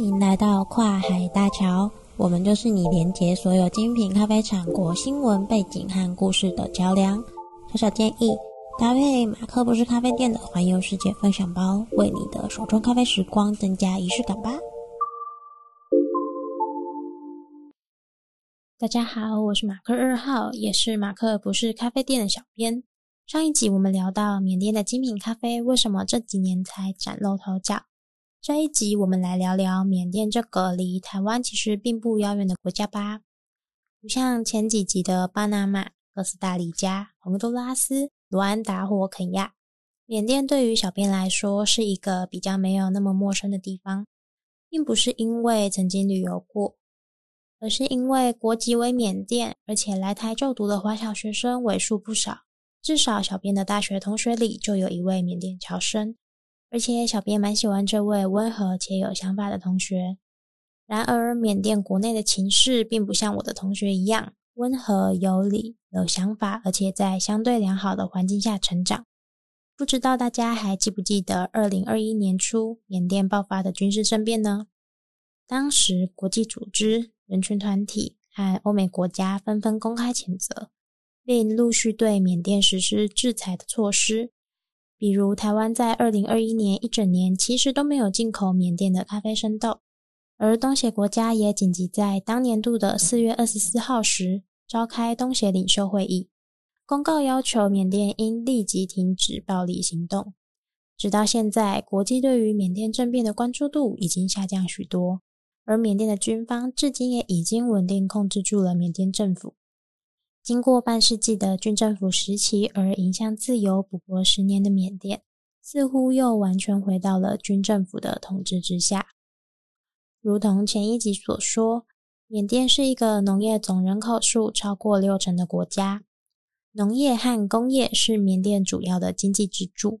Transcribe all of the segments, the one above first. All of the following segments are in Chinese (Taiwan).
歡迎來到跨海大橋，我們就是你連接所有精品咖啡產國新聞背景和故事的橋梁。小小建議，搭配馬克不是咖啡店的環遊世界分享包，為你的手沖咖啡時光增加儀式感吧。大家好，我是馬克二號，也是馬克不是咖啡店的小編。上一集我們聊到緬甸的精品咖啡，為什麼這幾年才嶄露頭角。這一集我們來聊聊緬甸這個離台灣其實並不遙遠的國家吧。不像前幾集的巴拿馬、哥斯達黎加、洪都拉斯、盧安達或肯亞，緬甸對於小編來說是一個比較沒有那麼陌生的地方，並不是因為曾經旅遊過，而是因為國籍為緬甸，而且來台就讀的華僑學生為數不少，至少小編的大學同學裡就有一位緬甸僑生。而且小編蠻喜歡這位溫和且有想法的同學。然而，緬甸國內的情勢並不像我的同學一樣溫和、有理、有想法，而且在相對良好的環境下成長。不知道大家還記不記得，二零二一年初緬甸爆發的軍事政變呢？當時，國際組織、人權團體和歐美國家紛紛公開譴責，並陸續對緬甸實施制裁的措施。比如，台灣在二零二一年一整年其實都沒有進口緬甸的咖啡生豆，而東協國家也緊急在當年度的四月二十四號時召開東協領袖會議，公告要求緬甸應立即停止暴力行動。直到現在，國際對於緬甸政變的關注度已經下降許多，而緬甸的軍方至今也已經穩定控制住了緬甸政府。經過半世紀的軍政府時期，而迎向自由不過十年的緬甸，似乎又完全回到了軍政府的統治之下。如同前一集所說，緬甸是一個農業總人口數超過六成的國家，農業和工業是緬甸主要的經濟支柱。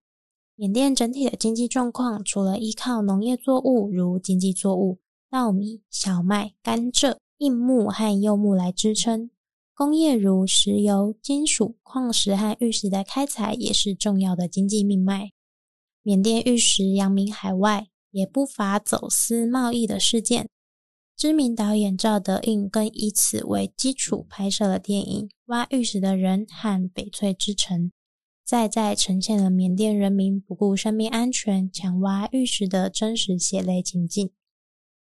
緬甸整體的經濟狀況，除了依靠農業作物如經濟作物、稻米、小麥、甘蔗、硬木和柚木來支撐。工業如石油、金屬、礦石和玉石的開採也是重要的經濟命脈。緬甸玉石揚名海外，也不乏走私貿易的事件。知名導演趙德胤更以此為基礎拍攝了電影《挖玉石的人》和《翡翠之城》，再再呈現了緬甸人民不顧生命安全搶挖玉石的真實血淚情境。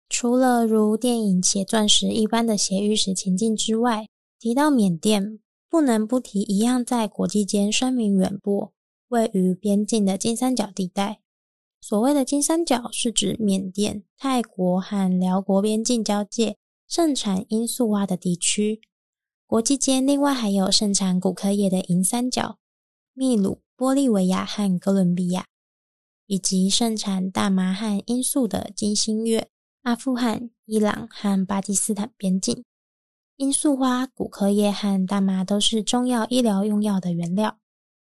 除了如電影《血鑽石》一般的血玉石情境之外，提到緬甸，不能不提一樣在國際間聲名遠播、位於邊境的金三角地帶。所謂的金三角，是指緬甸、泰國和寮國邊境交界盛產罌粟花的地區。國際間另外還有盛產古柯葉的銀三角，秘魯、玻利維亞和哥倫比亞，以及盛產大麻和罌粟的金新月，阿富汗、伊朗和巴基斯坦邊境。罌粟花、古柯葉、和大麻都是中藥醫療用藥的原料，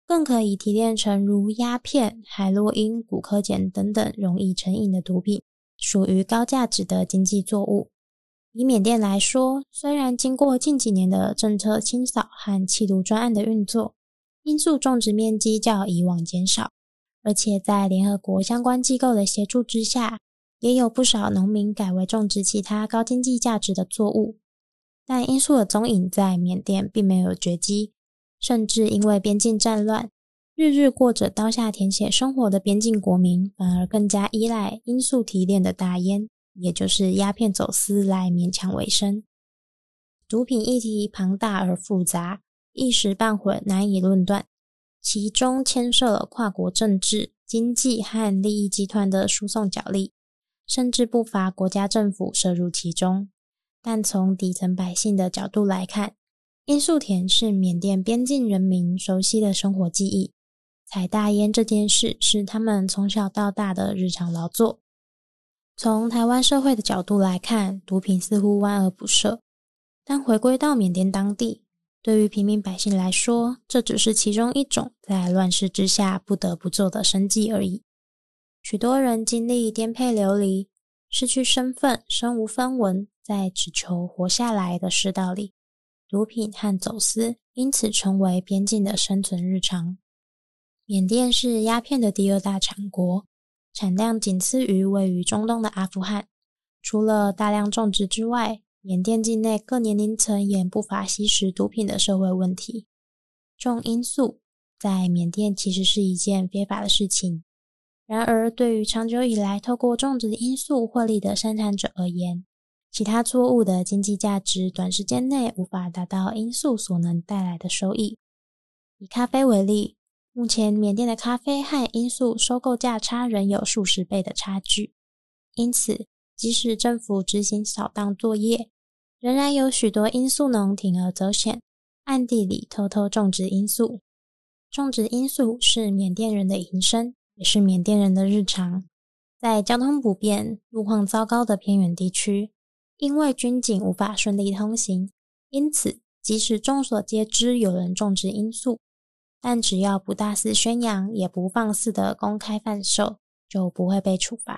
更可以提煉成如鴉片、海洛因、古柯鹼、等等容易成癮的毒品，屬於高價值的經濟作物。以緬甸來說，雖然經過近幾年的政策清掃和緝毒專案的運作，罌粟種植面積較以往減少，而且在聯合國相關機構的協助之下，也有不少農民改為種植其他高經濟價值的作物。但罌粟的蹤影在緬甸並沒有絕跡，甚至因為邊境戰亂，日日過着刀下舔血生活的邊境國民，反而更加依賴罌粟提煉的大煙，也就是鴉片走私來勉強維生。毒品議題龐大而複雜，一時半會難以論斷，其中牽涉了跨國政治、經濟和利益集團的輸送角力，甚至不乏國家政府涉入其中。但從底層百姓的角度來看，罌粟田是緬甸邊境人民熟悉的生活記憶。採大煙這件事是他們從小到大的日常勞作。從台灣社會的角度來看，毒品似乎萬惡不赦，但回歸到緬甸當地，對於平民百姓來說，這只是其中一種在亂世之下不得不做的生計而已。許多人經歷顛沛流離，失去身份，身無分文。在只求活下來的世道裡，毒品和走私因此成為邊境的生存日常。緬甸是鴉片的第二大產國，產量僅次於位於中東的阿富汗。除了大量種植之外，緬甸境內各年齡層也不乏吸食毒品的社會問題。種罌粟在緬甸其實是一件非法的事情，然而對於長久以來透過種植的罌粟獲利的生產者而言，其他作物的經濟價值短時間內無法達到罌粟所能帶來的收益。以咖啡為例，目前緬甸的咖啡和罌粟收購價差仍有數十倍的差距。因此，即使政府執行掃蕩作業，仍然有許多罌粟農鋌而走險，暗地裡偷偷種植罌粟。種植罌粟是緬甸人的營生，也是緬甸人的日常。在交通不便、路況糟糕的偏遠地區，因為軍警無法順利通行，因此即使眾所皆知有人種植罌粟，但只要不大肆宣揚，也不放肆的公開販售，就不會被處罰。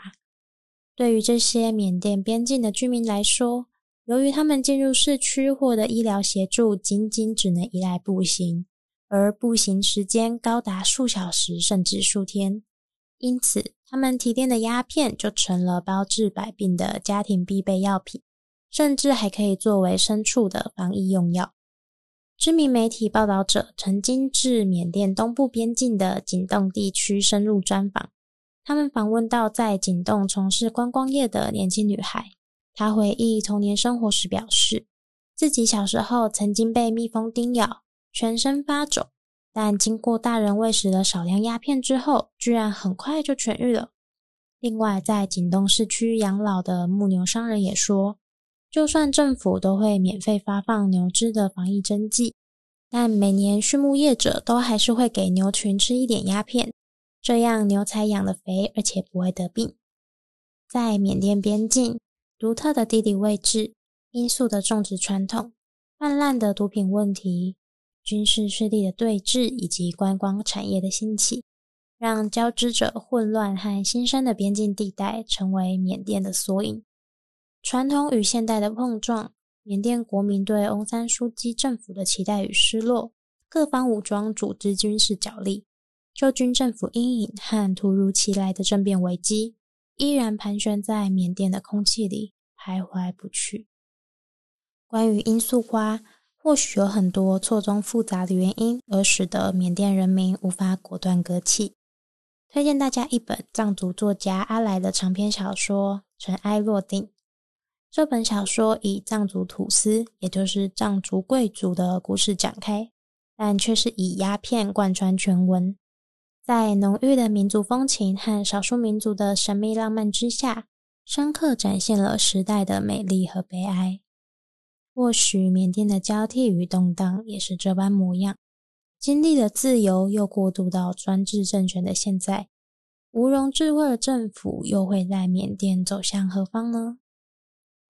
對於這些緬甸邊境的居民來說，由於他們進入市區獲得醫療協助，僅僅只能依賴步行，而步行時間高達數小時甚至數天。因此，他們提煉的鴉片就成了包治百病的家庭必備藥品，甚至還可以作為牲畜的防疫用藥。知名媒體報導者曾經至緬甸東部邊境的景棟地區深入專訪，他們訪問到在景棟從事觀光業的年輕女孩，她回憶童年生活時表示，自己小時候曾經被蜜蜂叮咬，全身發腫。但經過大人餵食的少量鴉片之後，居然很快就痊癒了。另外，在景東市區養老的牧牛商人也說，就算政府都會免費發放牛隻的防疫針劑，但每年畜牧業者都還是會給牛群吃一點鴉片，這樣牛才養得肥，而且不會得病。在緬甸邊境，獨特的地理位置、罌粟的種植傳統、氾濫的毒品問題，軍事勢力的對峙以及觀光產業的興起，讓交織着混亂和新生的邊境地帶成為緬甸的縮影。傳統與現代的碰撞，緬甸國民對翁山蘇姬政府的期待與失落，各方武裝組織軍事角力，舊軍政府陰影和突如其來的政變危機，依然盤旋在緬甸的空氣裡，徘徊不去。關於罌粟花。或許有很多錯綜複雜的原因，而使得緬甸人民無法果斷割棄。推薦大家一本藏族作家阿來的長篇小說《塵埃落定》。這本小說以藏族土司，也就是藏族貴族的故事展開，但卻是以鴉片貫穿全文。在濃郁的民族風情和少數民族的神秘浪漫之下，深刻展現了時代的美麗和悲哀。或許緬甸的交替與動盪也是這般模樣，經歷了自由又過渡到專制政權的現在，無容置喙的政府又會在緬甸走向何方呢？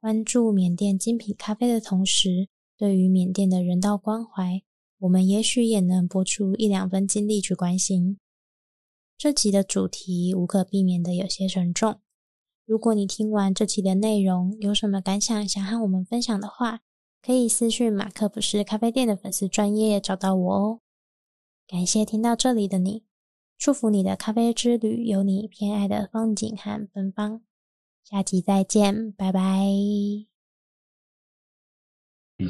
關注緬甸精品咖啡的同時，對於緬甸的人道關懷，我們也許也能撥出一兩分精力去關心。這集的主題無可避免的有些沉重。如果你聽完這集的內容有什麼感想，想和我們分享的話。可以私訊馬克不是咖啡店的粉絲專頁找到我哦。感謝聽到這裡的你，祝福你的咖啡之旅有你偏愛的風景和芬芳。下集再見，拜拜。以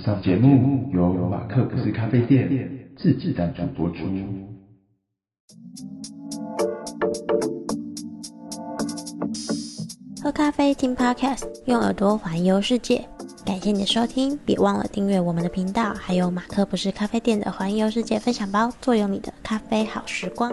上節目由馬克不是咖啡店自己贊助播出。喝咖啡，聽 Podcast，用耳朵環遊世界。感謝你的收聽，別忘了訂閱我們的頻道，還有馬克不是咖啡店的環遊世界分享包，坐擁你的咖啡好時光。